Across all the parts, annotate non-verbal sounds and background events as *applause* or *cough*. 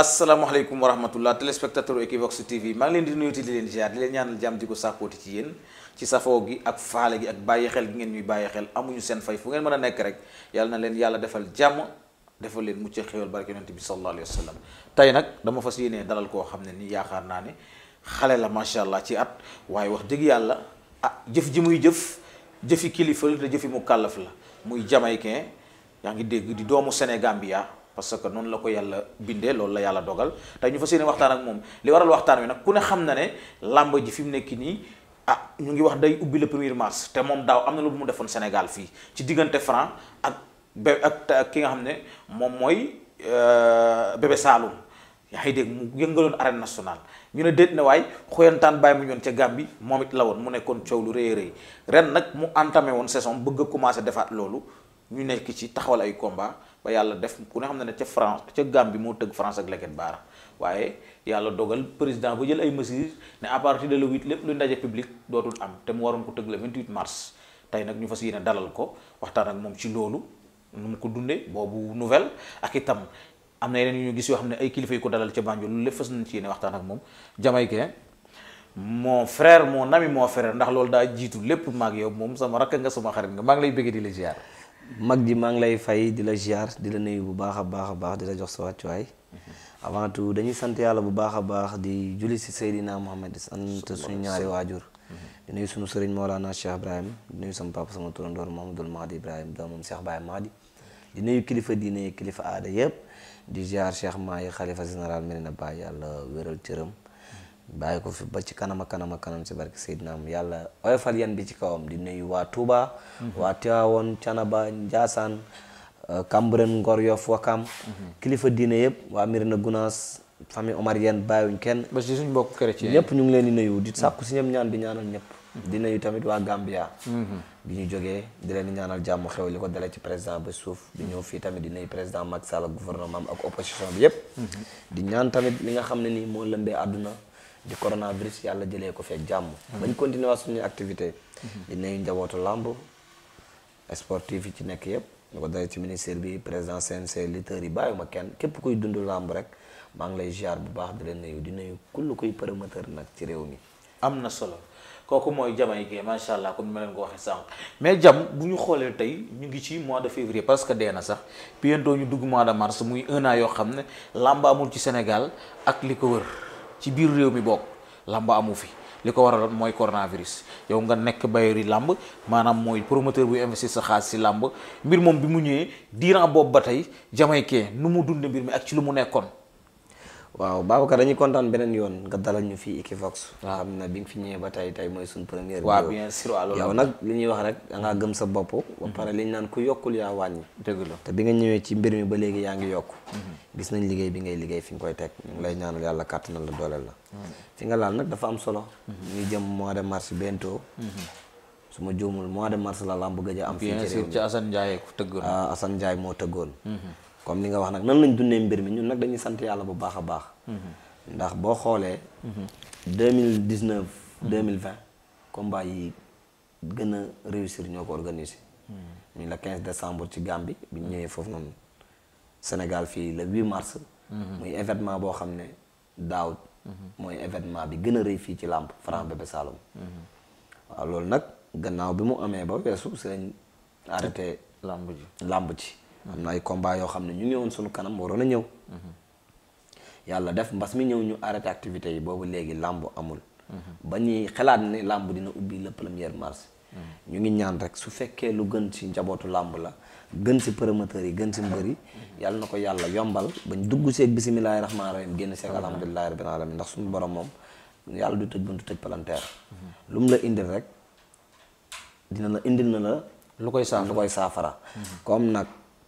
asalaamaaleykum wa rahmatullah téléspectateur Equivox TV maa ngi leen di nuyu di leen ziar di leen ñaanal jàmm di ko sàkkooti ci yéen ci safoo gi ak faale gi ak bàyyi xel gi ngeen ñuy bàyyi xel amuñu seen fay fu ngeen mën a nekk rek yàlla na leen yàlla defal jàmm defal leen mucc xéwal barke yonent bi sallallahu alayhi wa sallam tey nag dama fas yéenee dalal koo xam ne nii yaakaar naa ne xale la macha allah ci at waaye wax dëgg yàlla ah jëf ji muy jëf jëf kilifa la mu kàllaf la muy jamaïcain yaa ngi dégg di doomu Sénégambia parce que noonu la ko yàlla bindee loolu la yàlla dogal tey ñu fas yéene waxtaan ak moom li waral waxtaan wi nag ku ne xam na ne làmb ji fi mu nekk nii ah ñu ngi wax day ubbi le premier mars te moom daaw am na lu mu defoon Sénégal fii ci diggante Franc ak bé ak ki nga xam ne moom mooy euh, Bébé Saloum yaa ngi dégg mu yëngaloon arène nationale ñu ne déet na waay xoyantaan bàyyi mu ñoon ca Gambie moom it la woon mu nekkoon coow lu rëy rëy ren nag mu entamé woon saison bëgg a commencé defaat loolu ñu nekk ci taxawal ay combat ba yàlla def ku ne xam na ne ca France ca Gambie moo tëgg France ak Leket Baara waaye yàlla dogal président ba jël ay mesures ne à de le 8 lépp lu ndaje public dootul am te mu waroon ko tëgg le mars tey nag ñu fas yéene dalal ko waxtaan ak moom ci loolu nu mu ko dundee boobu nouvelle ak itam am na yeneen yu ñu gis yoo xam ne ay kilifa yu ko dalal ca Banjul la lépp fas nañ ci yéene waxtaan ak moom jamaïcain moo frère moo ami moo frère ndax loolu daa jiitu lépp maag yow moom sama rakk nga sama xarit nga maa lay bëgg di la ziar. mag ji maa lay fay di la ziar di la nuyu bu baax a baax a baax di la jox sa wàccuwaay mhm. avant tout dañuy sant yàlla bu baax a baax di julli si Seydina Mohamed di sant suñu ñaari waajur mhm. di nuyu suñu sëriñ Mawlana Cheikh Ibrahim di nuyu sama papa sama turandoor Mamadul Mahdi Ibrahim doomam Cheikh Baye Mahdi di nuyu kilifa diine kilifa aada yëpp di ziar Cheikh Mahi xalifa général Medina Baye yàlla wéral cëram bàyyi ko fi ba ci kanam a kanam a kanam si barke Seydina am yàlla oyofal yan bi ci kawam di nuyu waa Touba. Mhm. waa Tivaouane Thiénaba Ndiassane euh, Cambérène Ngor Yoff Wakam mhm. kilifa diine yëpp waa Médina Gounass famille omarienne bàyyiwuñ kenn ba ci suñ mbokk chrétien ñëpp ñu ngi leen di nuyu di mhm. sàkku si ñoom ñaan di ñaanal ñëpp di nuyu tamit waa Gambia bi ñu jógee di leen di ñaanal jàmm xew li ko dalee ci président ba suuf di ñëw fii tamit di nuyu président Macky Sall gouvernement ak opposition yëpp di ñaan li nga xam ne nii moo lëmbee àdduna di coronavirus yàlla jëlee ko fekk jàmm. bañ continuer waat suñuy activité di nuyu njabootu làmb sportif yi ci nekk yëpp. ñu ko dalee ci ministère bi président CNC lutteurs yi ma kenn képp kuy dundu làmb rek maa ngi lay ziar bu baax di leen nuyu di nuyu kull kuy promoteur nag ci réew mi. am na solo kooku mooy Jamay Gueye macha allah comme ni ma leen ko waxee sànq mais jam bu ñu xoolee tey ñu ngi ci mois de février parce que dee na sax bientôt ñu dugg mois de mars muy un yoo xam ne làmb amul ci Sénégal ak li ko wër. ci biir réew mi bokk làmb amu fi li ko waraloon mooy coronavirus yow nga nekk bayeeri làmb maanaam mooy promoteur buy investir sa xaalis si làmb mbir moom bi mu ñëwee diiran boobu ba tey jamaïcain nu mu dunde mbir mi ak ci lu mu nekkoon waaw Babacar dañuy kontaan beneen yoon nga dalal ñu fii Equivox. waaw xam na bi nga fi ñëwee ba tey tey mooy suñ première. waaw bien sûr waaw yow nag li ñuy wax rek da ngaa gëm sa bopp. ba mhm. pare li ñu naan ku yokkul yaa wàññi. dëgg la te bi nga ñëwee ci mbir mi ba léegi yaa ngi yokk. Mhm. gis nañ liggéey bi ngay liggéey fi nga koy teg. ñu lay ñaanal yàlla kàttanal la dooleel la. Mhm. nga laal nag dafa am solo. ñu jëm mois de mars bientôt. su ma juumul mois de mars la lamb gëj a am. fii ci réew mi bien sûr ci Assane Ndiaye ku tëggoon. Ah, Assane Ndiaye moo tëggoon. comme li nga wax nag nan lañ dundee mbir mi ñun nag dañuy sant yàlla bu baax a baax. ndax boo xoolee. deux mille dix neuf. deux mille vingt combat yi gën a réussir ñoo ko organisé. ñu la quinze décembre ci Gambie bi ñu ñëwee foofu noonu Sénégal fii le huit mars. muy événement boo xam ne daaw. mooy événement bi gën a rëy fii ci làmp Franc Bébé Saloum. waaw loolu nag gannaaw bi mu amee ba weesu si lañ arrêté. ji làmb ji. am na ay combat yoo xam ne ñu ngi woon suñu kanam waroon a ñëw yàlla def mbas mi ñëw ñu arrêté activité yi boobu léegi làmb amul ba ñuy xalaat ne làmb dina ubbi le premier mars ñu ngi ñaan rek su fekkee lu gën ci njabootu làmb la gën ci promoteurs yi gën ci mbër yi yàlla na ko yàlla yombal bañ dugg seeg bisimilahi rahmaani rahim génn seeg alhamdulilahi rabbil alamin ndax suñu borom moom yàlla du tëj buntu tëj palanteer lu mu la indil rek dina la indil koy saafara saafara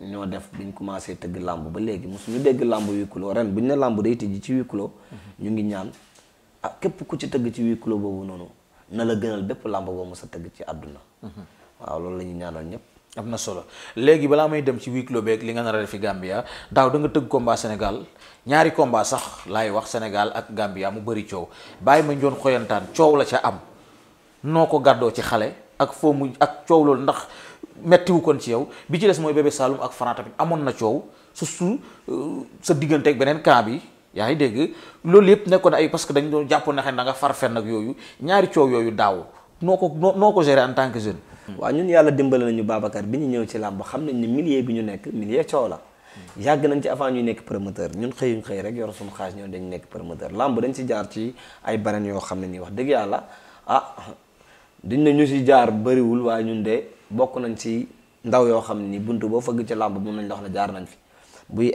ñoo def ñu commencé tëgg làmb ba léegi mosuñu dégg làmb huis clos ren buñ ne làmb day tijji ci huis ñu ngi ñaan ah képp ku ci tëgg ci huis boobu noonu na la gënal bépp làmb boo mos a tëgg ci àdduna waaw loolu la ñuy ñaanal ñëpp am na solo léegi balaa may dem ci huis clos beeg li nga nar a def fi Gambia daaw da nga tëgg combat Sénégal ñaari komba sax laay wax senegal ak Gambia mu bëri coow bàyyi ma njoon xoyantaan coow la ca am noo ko gàddoo ci xale ak foo ak coow ndax mettiwu kon ci yow bi ci des mooy bébé Saloum ak Franc tamit amoon na coow su euh, sa diggante ak beneen camp bi yaa ngi dégg loolu yëpp nekkoon ay parce que dañ doon jàppoon na xëy na nga far fenn ak yooyu yooyu daaw noo ko noo ko gérer en tant que jeune. Hmm. waaw ñun yàlla dimbale nañu Babacar bi ñu ñëw ci làmb xam nañ ne milieu bi ñu nekk milieu coow la. Hmm. yàgg nañ ci avant ñuy nekk promoteur ñun xëyuñ xëy rek yor suñu xaaj ñoom dañ nekk promoteur làmb dañ ci jaar ci ay beneen yoo xam ne nii wax dëgg yàlla ah duñ ne ñu ci jaar bëriwul waaye ñun de bokk nañ ci ndaw yoo xam ni buntu boo fëgg ci làmb mun nañ la wax ne jaar nañ fi buy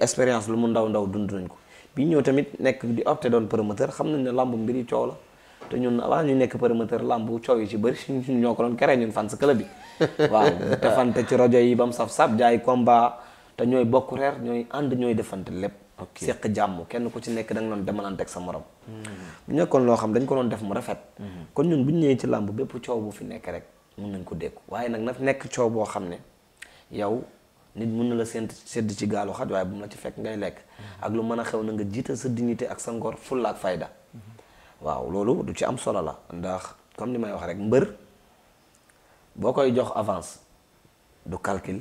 lu mu ndaw ndaw dund nañ ko bi ñëw tamit nekk di opté doon promoteur xam ne làmb mbiri coow la te ñun avant nekk promoteur làmb coow yi ci bëri *laughs* ñun ñoo ko doon *laughs* ci rajo yi ba mu saf saf jaay combat te ñooy bokk reer ñooy ànd ñooy defante lépp seq jàmm kenn ku ci nekk da doon demalante ak sa morom bu hmm. loo xam dañ ko doon def mu rafet hmm. kon ñun bu ñu ci làmb bépp coow bu fi nekk rek mun nañ ko dékku waaye nag na nekk coow boo xam ne yow nit mun na la sent sedd ci gaalu xaj waaye bu mu la ci fekk ngay lekk ak lu mën a xew na nga jiital sa dignité ak sa ngor fulla ak fayda waaw loolu du ci am solo la ndax comme li may wax rek mbër boo koy jox avance du calcul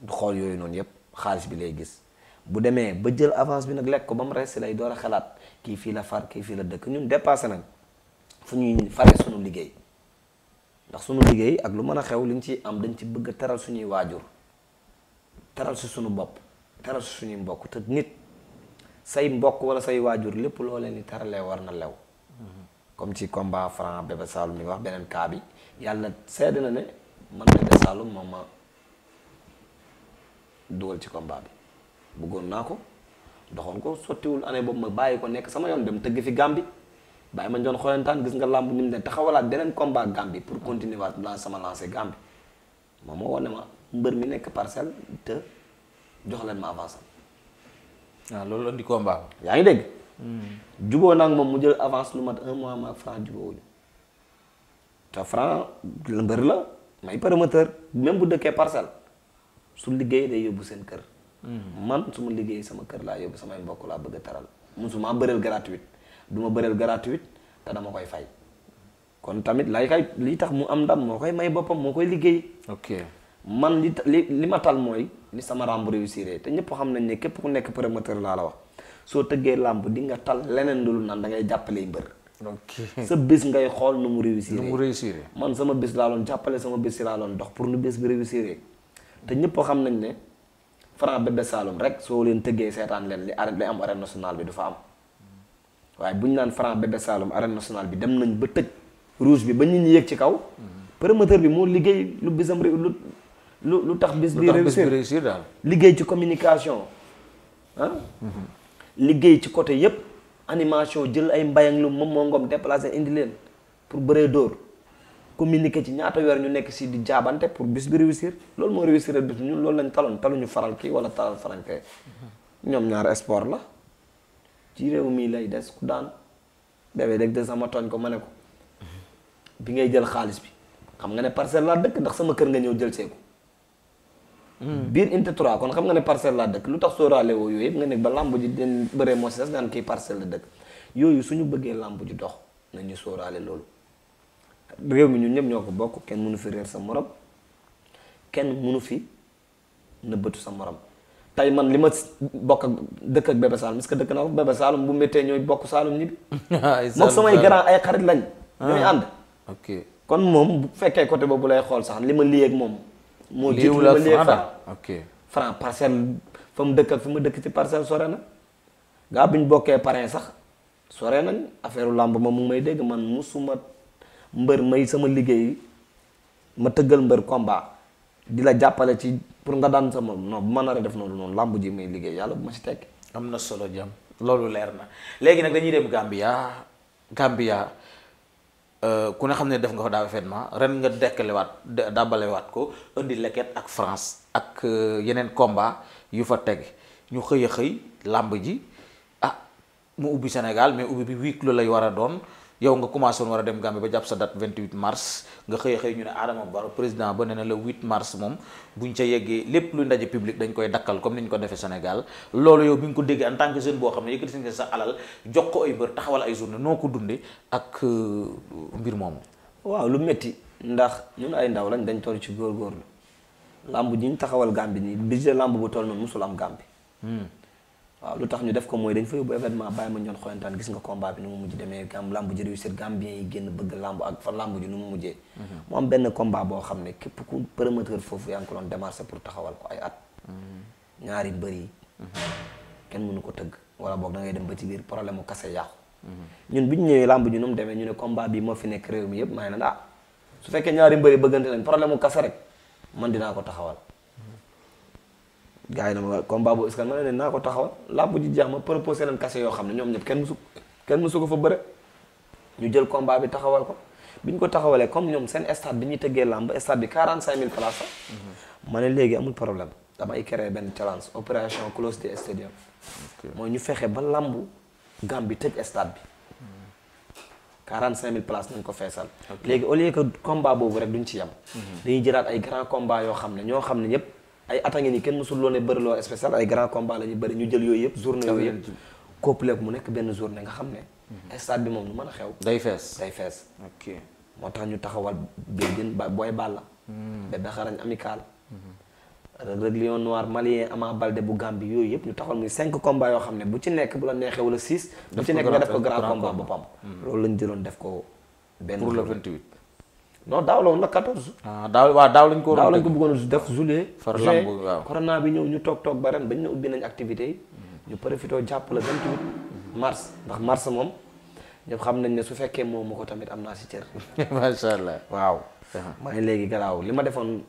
du xool yooyu noonu yépp xaalis bi lay gis bu demee ba jël avance bi nag lekk ko ba mu resi lay door a xalaat kii fii la far kii fii la dëkk ñun dépassé nañ fu ñuy fare sunu liggéey ndax sunu liggéey ak lu mën a xew li ñu ci am dañ ci bëgg a teral suñuy waajur teral si suñu bopp teral si suñuy mbokk te nit say mbokk wala say waajur lépp loo leen di teralee war na lew comme ci combat franc bébé Saloum mi wax beneen kaabi yàlla sedd na ne man bébé Saloum moom ma dugal ci combat bi bëggoon naa ko doxoon ko sottiwul année boobu ma bàyyi ko nekk sama yoon dem tëgg fi Gambie bàyyi ma doon xoyantaan gis nga làmb ni mu ne taxawalaat beneen combat Gambie pour continuer waat la sama lancé Gambie moom moo wane ma mbër mi nekk parcelle te jox leen ma avance am. waaw ah, loolu indi combat. yaa ngi dégg. Hmm. juboo moom mu jël avance lu mat un mois ma franc juboo te franc mbër la may promoteur même bu dëkkee parcelle su liggéey day yóbbu seen kër. Hmm. man su ma liggéey sama kër laa yóbbu samay mbokk laa bëgg a taral. musuma bëreel gratuite. du ma bëreel gratuite te dama koy fay kon tamit lay kay lii tax mu am ndam moo koy may boppam moo koy liggéey. ok man li li li ma tal mooy ni sama ràmb réussir te ñëpp xam nañ ne képp ku nekk promoteur laa la wax soo tëggee làmb di nga tal leneen lu naan da ngay jàppale mbër. ok sa bés ngay xool nu mu réussir. mu réussir man sama bés laa doon sama bés laa doon pour nu bés bi réussir te ñëpp xam nañ ne Franc Bébé Saloum rek soo leen tëggee seetaan leen li arène li am arène nationale bi du fa am. waaye bu ñu naan Franc Bébé Saloum arène nationale bi dem nañ ba tëj rouge bi ba ñu ñi yëg ci kaw. promoteur bi moo liggéey lu bisam lu lu lu tax bis bi réussir daal liggéey ci communication liggéey ci côté yépp animation jël ay mbayang lu moom moo ngoom indi leen pour bëree dóor communiquer ci ñaata weer ñu nekk si di jaabante pour bis bi réussir loolu moo réussir bis ñun loolu lañ taloon taluñu faral kii wala talal faranke ñoom ñaar sport la. ci réew mii lay des ku daan bébé rek de sama tooñ ko ma ne ko bi ngay jël xaalis bi xam nga ne parcel laa dëkk ndax sama kër nga ñëw jël seeku hmm. biir inte kon xam nga ne parcelle laa dëkk lu tax sóoraale woo yooyu yëpp nga ne ba làmb ji den bëree moo si des nga ne kii parcelle la dëkk yooyu suñu bëggee làmb ji dox nañu sóoraale loolu réew mi ñu ñëpp ñoo ko bokk kenn mënu fi réer sa morom kenn mënu fi nëbbatu sa morom tey man li ma bokk ak dëkk ak bébé Saloum est-ce que dëkk na ko bébé Saloum bu méttee ñooy bokk Saloum ñibbi. ay *laughs* moom samay grand ay xarit lañ. Ah, ñooy ànd. kon moom bu fekkee côté boobu lay xool sax li ma lii ak moom. moo jiitu li ma lii ak Franc ok Franc parcelle mu dëkk ak fi ma dëkk ci parcelle sore na. gaa bi ñu bokkee parrain sax sore nañ affaire làmb ma mu may dégg man musuma mbër may sama liggéey ma tëggal mbër combat di la jàppale ci. pour nga daan sama non bu ma nar def noonu noonu làmb ji may liggéey yàlla bu ma si tekk am na solo jam loolu leer na léegi nag dañuy dem Gambia Gambia euh, ku ne xam ne def nga fa daa événement ren nga dekkalewaat dàbbalewaat ko indi leket ak France ak euh, yeneen combat yu fa teg ñu xëy a xëy làmb ji ah mu ubbi Sénégal mais ubbi bi huis clos lay war a doon yow nga commencé woon war a dem Gambie ba jàpp sa date 28 mars nga xëy xëy ñu ne Adama Barrow président ba nee na le 8 mars moom buñ ca yeggee lépp lu ndaje public dañ koy dakkal comme ni ñu ko defee Sénégal loolu yow bi nga ko déggee en tant que jeune boo xam ne yëkkati nga sa alal jox ko ay bër taxawal ay journée noo ko dundee ak euh, mbir moomu. waaw lu metti ndax ñun ay ndaw lañ dañ toll ci góorgóorlu lamb ji ñu taxawal Gambie nii budget lamb bu toll noonu musul am Gambie. Hmm. waaw lu tax ñu def ko mooy dañ fa yóbbu événement bàyyi ma ñoon xoyantaan gis nga combat bi nu mu mujj demee gambien yi génn bëgg lamb ak fa lamb ji nu mu mujjee mhm. mu am benn combat boo xam ne képp ku promoteur foofu yaa ngi ko doon pour taxawal ko ay at mhm. ñaari mbër yi mhm. kenn mënu ko tëgg wala boog da ngay dem ba ci biir problème kase yàqu ñun bi ñu ñëwee lamb ji nu mu demee ñu ne combat bi moo fi nekk réew mi yépp maa ngi naan ah su fekkee ñaari mbër bëggante nañ problème kase rek man dinaa ko taxawal gars yi na ma combat bu iskan ma ne leen naa ko taxawal làmb ji jeex ma proposé leen kase yoo xam ne ñoom ñëpp kenn musu kenn musu ko fa bëre ñu jël combat bi taxawal ko bi ñu ko taxawalee comme ñoom seen stade bi ñuy tëggee làmb stade bi 45000 places la mhm. ma ne léegi amul problème damay créé benn challenge opération close the stadium mooy ñu fexe ba làmb Gambie tëj stade bi 45000 mhm. places nañ ko feesal léegi au lieu que combat boobu rek duñ ci yem mhm. dañuy jëlaat ay grand combat yoo xam ne ñoo xam ne ñëpp ay at a ngi nii kenn mësul loo ne bëri loo spécial ay grand combat la ñu bëri ñu jël yooyu yëpp journée yooyu yëpp couplé mu nekk benn journée nga xam ne mhm. stade bi moom lu mën a xew day fees day fees moo tax ñu taxawal Bédine ba Boy Balla mhm. Bébé Xarañ amical mhm. Reug Lion Noir Malien Ama Balde bu Gambie yooyu yëpp ñu taxawal muy cinq combat yoo xam ne bu ci nekk bu la neexee la six bu ci nekk nga def ko grand combat boppam loolu lañ jëloon def ko benn pour le 28 non daaw la woon na 14. ah daaw lañ ko. daaw lañ ko bëggoon def juillet. far lamb waaw corona bi ñëw ñu toog toog ba ren ba ñu ne ubbi nañ activité yi. ñu profité jàpp la 28 mars ndax mars moom ñëpp xam nañ ne su fekkee moom ma ko tamit am naa si cër. *laughs* macha allah waaw. Uh-huh. maa ngi léegi garaaw li ma defoon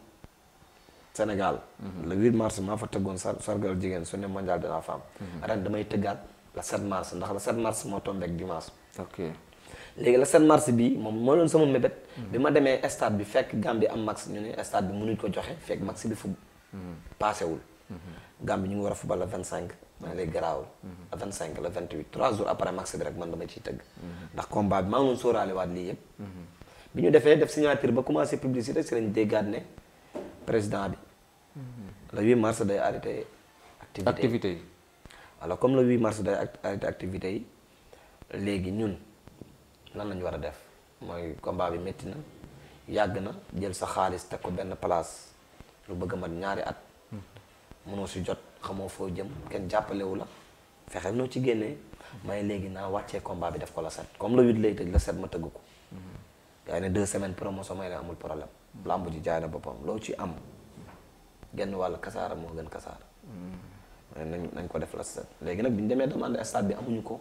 Sénégal. Uh-huh. le 8 mars maa fa tëggoon sar sargal jigéen journée mondiale de la femme. Uh-huh. ren damay tëggaat la 7 mars ndax le 7 mars moo tombé ak dimanche. ok. léegi la 7 mars bi moom moo doon sama mébét bi ma demee stade bi fekk Gambie am max ñu ne stade bi mënuñ ko joxe fekk max bi fu paasewul Gambie ñu ngi war a fubal la 25 ma lay garaawul la 25 la 28 3 jours après max bi rek man dama ciy tëgg ndax combat bi maa ngi doon sóoraale waat lii yëpp bi ñu defee def signature ba commencé publicité si lañ déggaat ne président bi le 8 mars day arrêté activité yi comme le 8 mars day arrêté activité yi léegi ñun lan lañu war a def mooy combat bi métti na yàgg na jël sa xaalis teg ko benn place lu bëgg a mat ñaari at mm-hmm. mënoo si jot xamoo foo jëm kenn jàppalewu la fexe noo ci génnee mm-hmm. may léegi naa wàccee combat bi def ko la set comme le huit lay tëj la set ma tëgg ko mm-hmm. yaa ne deux semaines promotion may ne amul problème lamb ji jaay na boppam loo ci am genn wàll kasaara moo gën kasaara nañ nañ ko def la set léegi nag bi ñu demee demande stade bi amuñu ko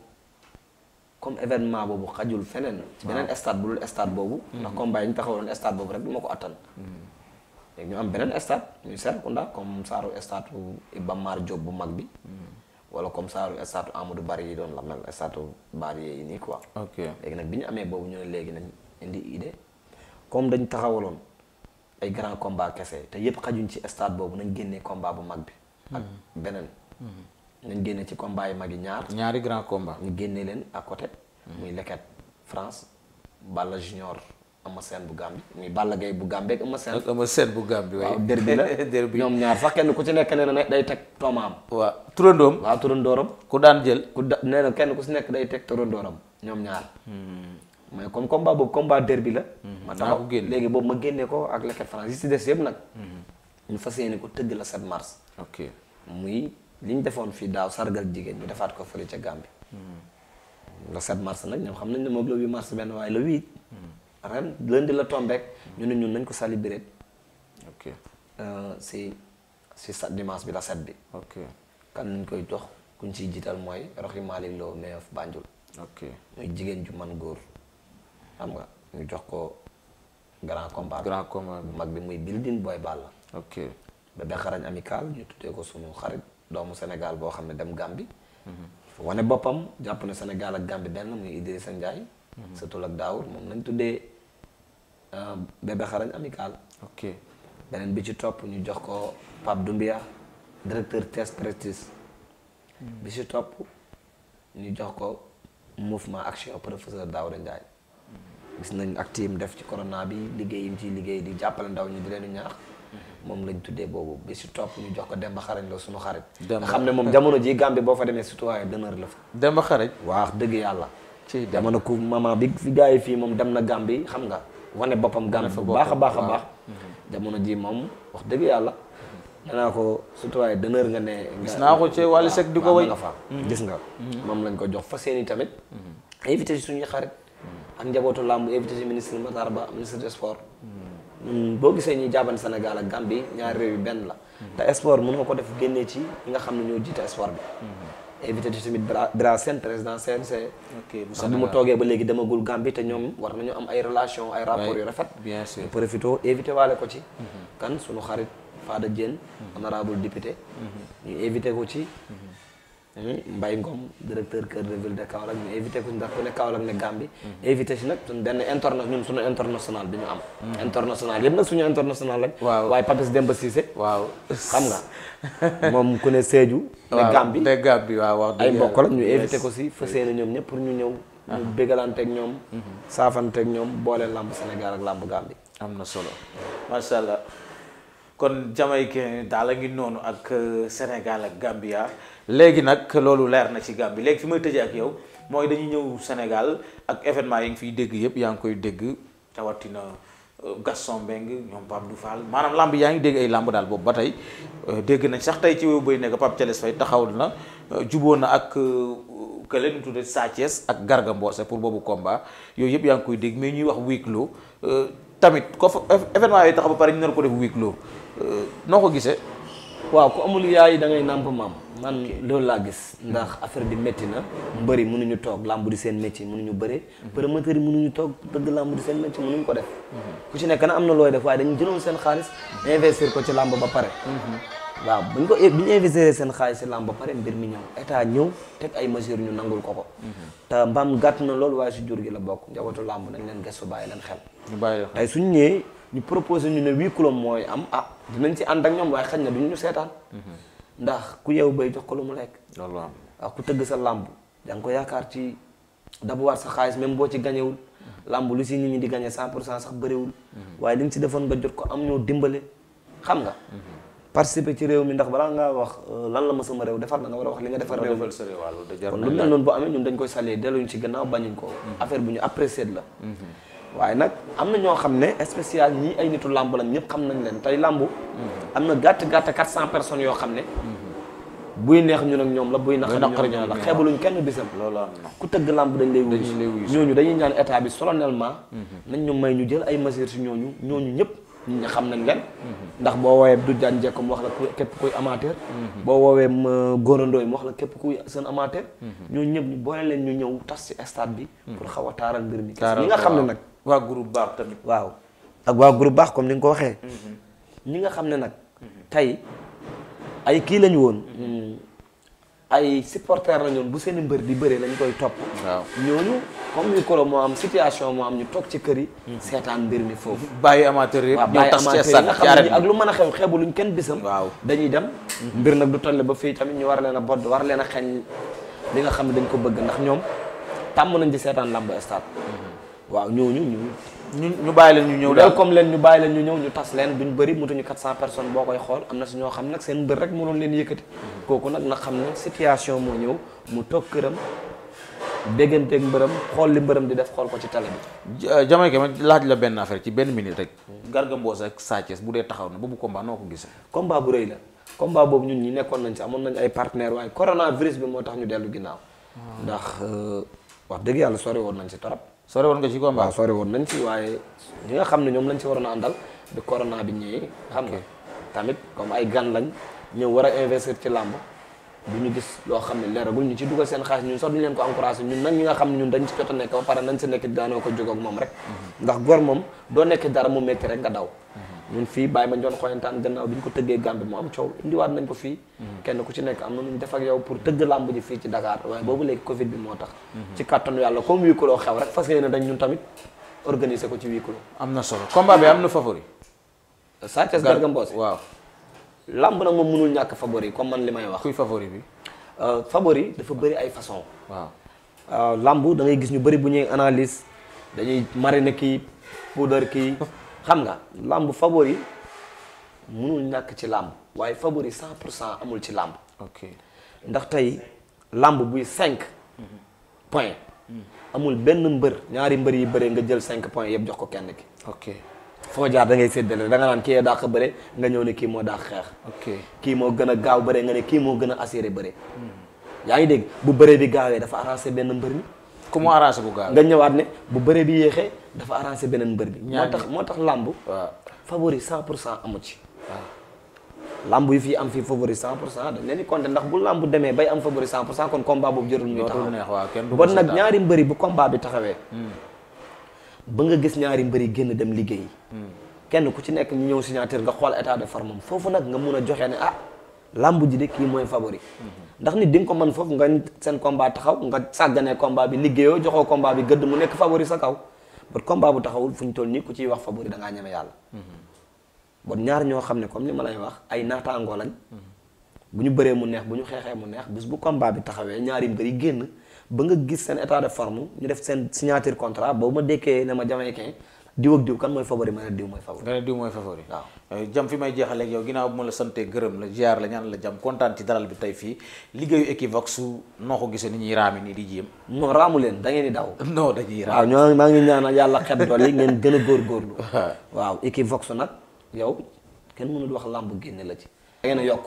comme événement boobu xajul feneen. ci beneen stade bu dul stade boobu. Mm-hmm. ndax combat yi ñu taxawaloon stade boobu rek du ko attan. Mm-hmm. léegi ñu am beneen stade ñuy Serekunda comme saaru stade Iba Mar Diop bu mag bi. Mm-hmm. wala comme saaru stade Amadou Bari yi doon la mel stade Bari yi nii quoi. ok léegi nag bi ñu amee boobu ñu ne léegi nañ indi idée comme dañ taxawaloon ay grand combat kese te yépp xajuñ ci stade boobu nañ génnee combat bu mag bi. ak beneen. lañ génne ci combat yi mag yi ñaar. ñaari grand combat ñu génne leen à côté. muy leket France. Balla Junior Ama Sène bu Gambie muy Balla Gaye bu Gambie ak Ama Sène. ak Ama Sène bu Gambie waaye. waaw derbi la *laughs* derbi ñoom ñaar sax kenn ku ci nekk nee na day teg toomaam. waaw turandóom. waaw turandóoram. ku daan jël ku da nee na kenn ku ci nekk day teg turandóoram ñoom ñaar. Hmm. mais comme combat boobu combat derbi la. Hmm. ma taxaw léegi boobu ma génne ko ak leket France yi si des yëpp nag. Hmm. ñu fas yéene ko tëgg la 7 mars. ok muy. li ñu defoon fii daaw sargal jigéen ñu defaat ko fële ca Gambie. Hmm. le set mars nag ñoom xam nañ ne moom le 8 mars benn waaye le 8. Hmm. ren lundi la tombeek ñu ne ñun nañ ko célébrer. ok euh, si si sa dimanche bi la set bi. ok kan nañ koy jox kuñ ciy jiital mooy Roxi Malick Lo maire of Banjul. ok muy jigéen ju man góor xam nga ñu jox ko grand combat. grand combat mag bi muy building boy Balla. ok ba ba xarañ amical ñu tuddee ko suñu xarit. doomu senegal boo xam ne dem Gambie. Mhm. wane boppam jàpp na Sénégal ak Gambie benn muy Idrissa Ndiaye. Mhm. surtout ak Daoud moom lañ tuddee euh, bébé xarañ amical. beneen bi ci topp ñu jox ko Pape Doumbia directeur Thiès Prestige. Mhm. bi ci topp ñu jox ko mouvement action professeur Daouda Ndiaye. gis nañ ak team def ci corona bi liggéey yi ciy liggéey di jàppale ndaw ñi di leen ñaax. moom lañ tuddee boobu bi si topp ñu jox ko Demba Xarañ la suñu xarit nga xam ne moom jamono ji Gambie boo fa demee citoyen d'honneur la fa Demba Xarañ waaw dëgg yàlla ci jamono ku maman bi fi gars yi fii moom dem na Gambie xam nga wane boppam Gambie bu baax a baax a baax jamono ji moom wax dëgg yàlla danaa ko citoyen d'honneur nga ne gis naa ko ci Wally Seck di ko way nga fa mm-hmm. gis nga mm-hmm. moom lañ ko jox fa seen i tamit mm-hmm. invité si suñuy xarit ak njabootu làmb invité si ministre Matar Ba ministre Mm. boo gisee ñuy jaaban Sénégal ak Gambie ñaari réew yi benn la. Mm. te sport mënoo ko def génnee ci ñi nga xam ne ñoo jiite sport bi. Mm. invité ci tamit Bira Sène président CNC. ok ndax bi mu toogee ba léegi demagul Gambie te ñoom war nañu am ay relation ay rapport yu rafet. bien sûr profité invité waale ko ci. Mm-hmm. kan suñu xarit Fada Diène. Mm-hmm. honorable député. Mm-hmm. ñu invité ko ci. Mbaye Ngom directeur cœur de ville de Kaolack ñu invité ko ndax ku ne Kaolack ne Gambie. invité si nag suñ benn interna ñun suñu international bi ñu am. international yëpp nag suñu international lañ. waaw waaye Papis Demba waaw xam nga moom ku ne Sédhiou. waaw ne Gambie ne Gambie waaw wax dëgg ay mbokk la ñu invité ko si fas yéene ñoom ñëpp pour ñu ñëw. Ah. ñu bégalanteeg ñoom. Mhm. saafanteeg ñoom boole lamb Sénégal ak lamb Gambie. am na solo macha allah kon Jamaïcain daal a ngi noonu ak euh, Sénégal ak Gambia. léegi nag loolu leer na ci Gambie léegi fi may tëjee ak yow mooy dañuy ñëw Sénégal ak événement yi nga fiy dégg yëpp yaa ngi koy dégg rawatina euh, Gaston Mbengue ñoom Pape Dou Fall maanaam lamb yaa ngi dégg ay lamb daal boobu ba tey euh, dégg nañ sax tey ci wéw bay nekk Pape Thialis Faye taxaw na euh, juboo na ak que leen ñu tuddee Sa ak Garga pour boobu combat yooyu yëpp yaa ngi koy dégg mais ñuy wax huis clos tamit ko fa événement yooyu taxaw ba pare ñu nar ko def huis loo noo ko gisee. waaw ku amul yaay da ngay nàmp maam man loolu laa gis ndax affaire bi métti na mbëri mënuñu toog làmb di seen métier mënuñu bëre promoteur yi mënuñu toog dëgg làmb di seen métier mënuñu ko def ku ci nekk na am na looy def waaye dañu jëloon seen xaalis investir ko ci làmb ba pare waaw buñ ko bi ñu investir seen xaalis ci làmb ba pare mbir mi ñëw état ñëw teg ay mesures ñu nangul ko ko te mbaam gàtt na loolu waaye si jur gi la bokk njabootu làmb nañ leen gestu bàyyi leen xel tey suñ ñëwee ñu proposé ñu ne huis clos mooy am ah dinañ ci ànd ak ñoom waaye xañ na duñu ñu seetaan. Mm-hmm. ndax ku yeewu bay jox ko lu mu lekk. loolu am ku tëgg sa làmb da nga ko yaakaar ci dabuwaat sa xaalis même boo ci gañewul mm-hmm. làmb lu si nit ñi di gañe cent pour cent sax barewul mm-hmm. waaye li nga ci defoon nga jot ko am ñoo dimbale xam nga. participer ci réew mi ndax balaa ngaa wax euh, lan la ma sama réew defar na nga war a wax li nga defar réew kon lu mel noonu bu amee ñun dañ koy salee delluñu ci gannaaw waaye nag am na ñoo xam ne spécial ñii ay nitu làmb lañ ñëpp xam nañ leen tey làmbu mhm. am na gàtt gàtt quatre cent personnes yoo xam ne mhm. buy neex ñu ak ñoom la buy naqari ñoom la xeebaluñ kenn bisam ku tëgg làmb dañ lay wuyu ñooñu dañuy ñaan état bi solennellement mhm. nañ ñu may ñu jël ay mesures si ñooñu ñooñu ñëpp xam nañ leen ndax boo woowee du jaan jekkom wax la képp kuy amateur boo woowee mm, góorandooy mu wax la képp kuy seen amateur ñooñu ñëpp ñu boole leen ñu ñëw tas si stade bi pour xaw a taaral mbir mi ñi nga xam ne nag waa groupe baax tamit. waaw ak waa groupe baax comme ni nga ko waxee. Mhm. ñi nga xam ne nag. Mhm. tey ay kii lañu woon. Mhm. ay supporter la ñoon bu seen mbër di bëree lañ koy topp. waaw ñooñu comme micro moo am situation moo am ñu toog ci kër yi. seetaan mbir mi foofu. bàyyi amateur yëpp ñëw tas ci sànq ak lu mën a xew xeebu luñ kenn bisam. waaw dañuy dem. mbir nag du toll ba fii tamit ñu war leen a bodd war leen a xeeñ li nga xam ne dañ ko bëgg ndax ñoom tàmm nañ ci seetaan lamb stade. waaw ñooñu ñu. ñu ñu bàyyi leen ñu ñëw daal comme leen ñu bàyyi ñu ñëw ñu tas leen duñ bëri mutuñu 400 personnes boo koy xool am na si ñoo xam nag seen mbër rek mënoon leen yëkkati. kooku nag na xam ne situation moo ñëw mu toog këram dégganteeg mbërëm xool li mbërëm di def xool ko ci télé bi. Euh, Jamaïque ma laaj la benn affaire ci benn minute rek. Garga Mbossé ak Sa Thiès bu dee taxaw na boobu combat noo ko gis combat bu rëy la comba boobu ñu ñu nekkoon nañ si amoon nañ ay partenaire waaye coronavirus bi moo tax ñu dellu ginnaaw. Ah. ndax euh, wax dëgg yàlla sori woon nañ si torop sore woon nga ci combat waaw sore woon nañ ci waaye ñi nga xam ne ñoom lañ ci waroon a àndal bi corona bi ñëwee xam nga tamit comme ay gan lañ ñëw war a investir ci làmb bu ñu gis loo xam ne leeragul ñu ci dugal seen xaalis ñu sax duñu leen ko encouragé ñun nag ñi nga xam ne ñun dañ ci jot a nekk ba pare nañ si nekk daanoo ko jóg ak moom rek mhm. ndax gor moom doo nekk dara mu métti rek nga daw ñun fii Baye Mandione xoyantaan gannaaw bi ko tëggee Gambie mu am coow indiwaat nañ ko fii kenn ku ci nekk am na ñu def ak yow pour tëgg làmb ji fii ci Dakar waaye boobu léegi Covid bi moo tax ci kàttanu yàlla comme huis clos xew rek fas yéene dañ ñun tamit organiser ko ci huis clos am na solo combat bi am na favori Sa Thiès Garga Mbossé waaw làmb moom mënul ñàkk favori comme man li may wax kuy favori bi euh, favori dafa bëri ay façon waaw euh, làmb da ngay gis ñu bëri bu ñuy analyse dañuy mariner kii poudre kii *laughs* xam nga làmb favori mënul ñàkk ci làmb waaye favori cent pour cent amul ci làmb ok ndax tey làmb buy cinq point amul benn mbër ñaari mbër yi bëree nga jël cinq point yëpp jox ko kenn ki ok foo jaar da ngay séddale da nga naan kii daa ko bëre nga ñëw ne kii moo daa xeex ok kii moo gën a gaaw bëre nga ne kii moo gën a assuré bëre yaa ngi dégg bu bëre bi gaawee dafa arrangé benn mbër mi ku mu arrangé nga ñëwaat ne bu bëre bi yéexee dafa arrangé beneen mbër bi moo tax moo tax làmb favori cent pour cent amu ci waaw làmb yi fii am fii favori cent pour cent dañ leen di compter ndax bu làmb demee bay am favori cent pour cent kon combat boobu jërul ñuy taxaw bon nag ñaari mbëri bu combat bi taxawee hmm. ba nga gis ñaari mbëri génn dem liggéey hmm. kenn ku ci nekk ñu ñëw signature nga xool état de forme am foofu nag nga mun a joxee ne ah làmb ji de kii mooy favori hmm. ndax nit di nga ko mën foofu nga seen combat taxaw nga sàgganee combat bi liggéeyoo joxoo combat bi gëdd mu nekk favori sa kaw but combat bu taxawul fu ñu toll nii ku ciy wax favori da ngaa ñeme yàlla bon ñaar ñoo xam ne comme li ma lay wax ay naataangoo lañ bu ñu bëree mu neex bu ñu xeexee mu neex bis bu combat bi taxawee ñaari mbër génn ba nga gis seen état de form ñu def seen signature contrat boobu ma dékkee ne ma jamaïcain diw ak diw kan mooy favori ma ne diw mooy favori waaw eh, jam fi may jeexale ak yow ginnaaw bu ma la sante gërëm la ziar la jam kontaan ci dalal bi tey fii liggéeyu Equivox noo ko gisee ni ñuy raami nii di jéem non raamu leen da ngeen di daw *laughs* non dañuy raam waaw ñoo maa ngi ñaanal yàlla xet dolli ngeen gën a góorgóorlu *laughs* waaw Equivox nag yow kenn mënul wax làmb génne la ci da a yokk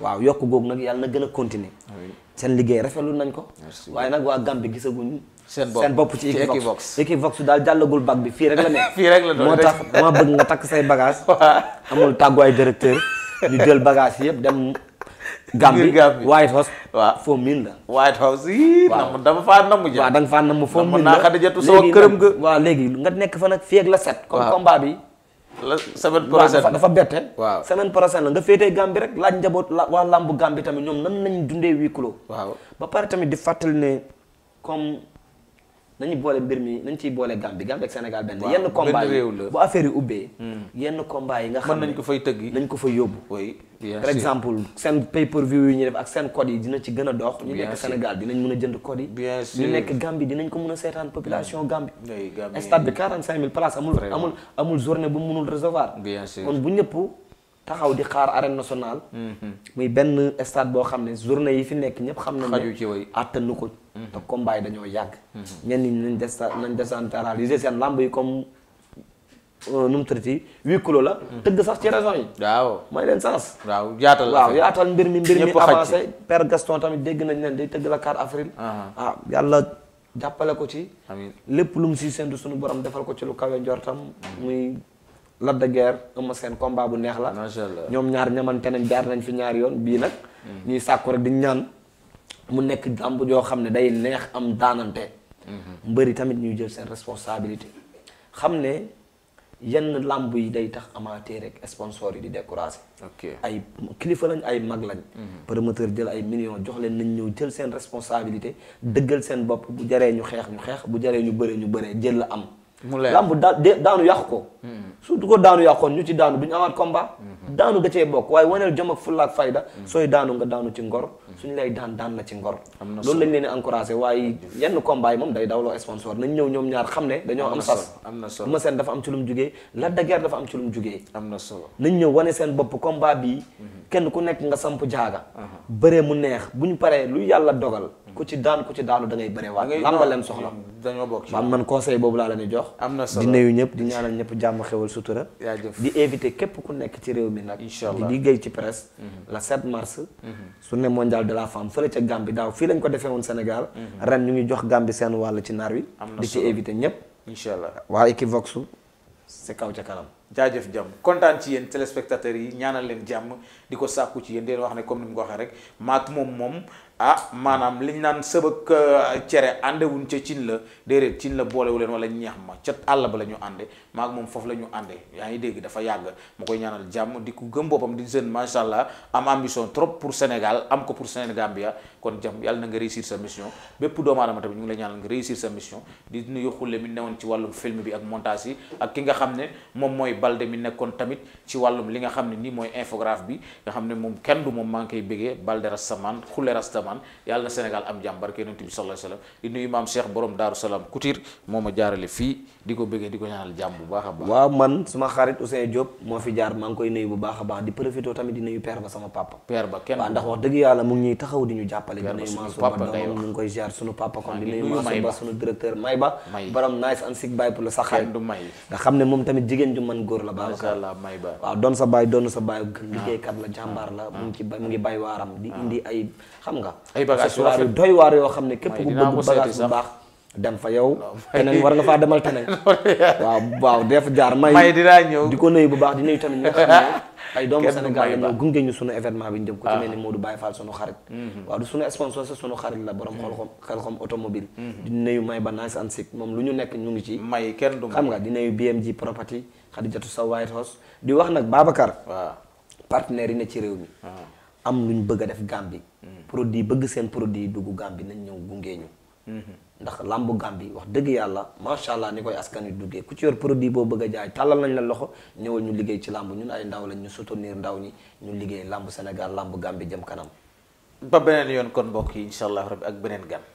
waaw yokk googu nag yàlla na gën a continuer seen liggéey rafetlu nañ ko seen bopp seen bopp ci Equivox Equivox daal jàllagul bag bi fii rek la nekk. *laughs* fii rek la doon moo tax dama bëgg nga takk say bagage *laughs* amul tàgguwaay directeur ñu jël bagage yëpp dem. Gambie *laughs* White House. waaw foo miin la. White House yii. nga la nga nekk fa nag fii ak la set. comme combat bi. la semaine prochaine waaw dafa bette. waaw semaine prochaine la nga féetee Gambie rek laaj njaboot la waa làmbu Gambie tamit ñoom nan nañ dundee huis clos. waaw ba pare tamit di fàttali ne comme. nañu boole mbir mi nañ ci boole Gambie Gambie ak Sénégal benn yenn combat yi bu affaire yi ubbee hmm. yenn combat yi nga xam ne nañ ko fay tëggi nañ ko fa yóbbu oui par exemple seen pay per view yi ñuy def ak seen code yi dina ci gën a dox ñu nekk Sénégal dinañ mën a jënd code yi ñu nekk Gambie dinañ ko mën a seetaan population hmm. Gambie stade bi 45 000 places amul amul amul journée bu mënul recevoir kon bu ñëpp taxaw di xaar arène national hmm, muy benn stade boo xam ne journée yi fi nekk ñëpp xam nañ ne àttanu ko Mhm. te combat yi dañoo yàgg. Mhm. ñenn ñi nañ des nañ décentraliser seen lamb yi comme euh, nu mu tëddee huis clos la. Mhm. tëgg sax ci raison yi. waaw mooy leen sens. waaw yaatal waaw yaatal mbir mi mbir mi avancé. Père Gaston tamit dégg nañ leen day tëgg la 4 avril. ah yàlla jàppale ko ci. amiin lépp lu mu siy séntu suñu borom defal ko ci lu kawe njortam muy. Lac de Guiers seen Sène combat bu neex la. macha allah ñoom ñaar ñamante nañ jaar nañ fi ñaari yoon bii nag. ñuy sàkku rek di ñaan. mu nekk làmb joo xam ne day neex am daanante mhm. mbëri tamit ñuy jël seen responsabilité xam ne yenn làmb yi day tax amateur rek sponsor yi di découragé ay kilifa lañ ay mag lañ mhm. promoteur jël ay millions jox leen nañ ñëw jël seen responsabilité dëggal seen bopp bu jaree ñu xeex ñu xeex bu jaree ñu bëree ñu bëree jël la am mu leer lamb da daanu yàqu ko. Hmm. su du ko daanu yàqoon ñu ci daanu bu ñu amaat combat. Hmm. daanu da cee bokk waaye waneel jom ak fulla fayda. Hmm. sooy daanu nga daanu ci ngor. suñu lay daan daan la ci ngor. loolu lañu leen di encouragé waaye yenn combat yi moom day dawloo sponsor nañ ñëw ñoom ñaar xam ne dañoo am sas. am na solo seen dafa am ci lu mu jugee Lac de dafa am ci lu jugee. am na solo nañ ñëw wane seen bopp combat bi kenn ku nekk nga samp jaaga. bëree mu neex bu ñu paree lu yàlla dogal. ku ci daan ku ci daanu da ngay bëre waat man man conseil boobu laa leen jox di nuyu ñëpp di ñaanal ñëpp jàmm xewal sutura di éviter képp ku nekk ci réew mi nag di liggéey ci presse mhm. la 7 mars mhm. journée mondiale de la femme fële ca Gambie daaw fii lañ ko defee woon Sénégal mhm. ren ñu ngi jox Gambie seen wàll ci naar wi di ci éviter ñëpp incha allah waa Equivox si kaw ca kanam jaajëf jàmm kontaan ci yéen téléspectateurs yi ñaanal leen jàmm di ko sàkku ci yéen di leen wax ne ni ko waxee rek maak moom moom ah maanaam liñ naan sëb ak euh, cere àndewuñ ca cin la déedéet cin la boolewu leen wala ñeex ma ca àll ba la ñu ànde maag moom foofu la ñu ànde yaa ngi dégg dafa yàgg ma koy ñaanal jàmm di ku gëm boppam di jeune macha allah am ambition trop pour Sénégal am ko pour sénégal bi Sénégambia kon jam yàlla na nga réussir sa mission bépp doomu aadama tamit ñu ngi lay ñaanal nga réussir sa mission di nuyu xulle mi newoon ci wàllum film bi ak montage yi ak ki nga xam ne moom mooy balde tamit ci wàllum li nga xam ne nii mooy infographe bi nga xam ne moom kenn du moom maa ngi koy bégee balde rastaman xulle rastaman yàlla na Sénégal am jàmm barke yonent bi sallallahu alayhi wa sallam di nuyu maam Cheikh borom Daaru Salaam Couture moo ma jaarale fii di ko bégee di ko ñaanal jàmm bu baax a baax waaw man suma xarit Ousseynou Diop moo fi jaar maa ngi koy nuyu bu baax a baax di profité tamit di nuyu père ba sama papa ñu jàppale Fally di nuyu Mansour Ba doomam ñu ngi koy ziar sunu papa kon di nuyu Mansour Ba sunu directeur may ba borom nice and sick bay pour la saxaay xam ne moom tamit jigéen ju man góor la Babacar may ba waaw doon sa baay doon sa baay liggéeykat ah, la jàmbaar ah, la ah. mu ngi bay waaram di indi ay xam nga ay bagage doy waar yoo xam ne képp ku bëgg bu baax dem fa yow. *laughs* teneen war nga faa demal teneen. *laughs* waaw waaw def jaar may. may dinaa ñëw di ko nuyu bu baax di nuyu tamit ñi nga xam ne *laughs* ay doomu Sénégal la ñu sunu événement bi ñu jëm. ku ci ah. mel ni Modou Baye Fall sunu xarit. Mhm. waaw du sunu sponsor sa sunu xarit la borom xol xom xel xom automobile mhm. di nuyu may ba nice and sick moom lu ñu nekk ñu ngi ci. may kenn du xam nga di nuyu BMG property Khadijatou Sow White House di wax nag Babacar. waaw partenaires yi ne ci réew mi. Ah. am lu ñu bëgg a def bi mhm. produit bëgg seen produit dugg bi nañ ñëw gunge ñu ndax làmbu Gàmbi wax dëgg yàlla macha allah ni koy askan wi duggee ku ci yor produit boo bëgg a jaay tàllal nañ la loxo ñëwal ñu liggéey ci làmb ñun ay ndaw lañ ñu soutenir ndaw ñi ñu liggéey làmb Sénégal làmb Gàmbi jëm kanam. ba beneen yoon kon mbokk yi incha allah rabbi ak beneen gan.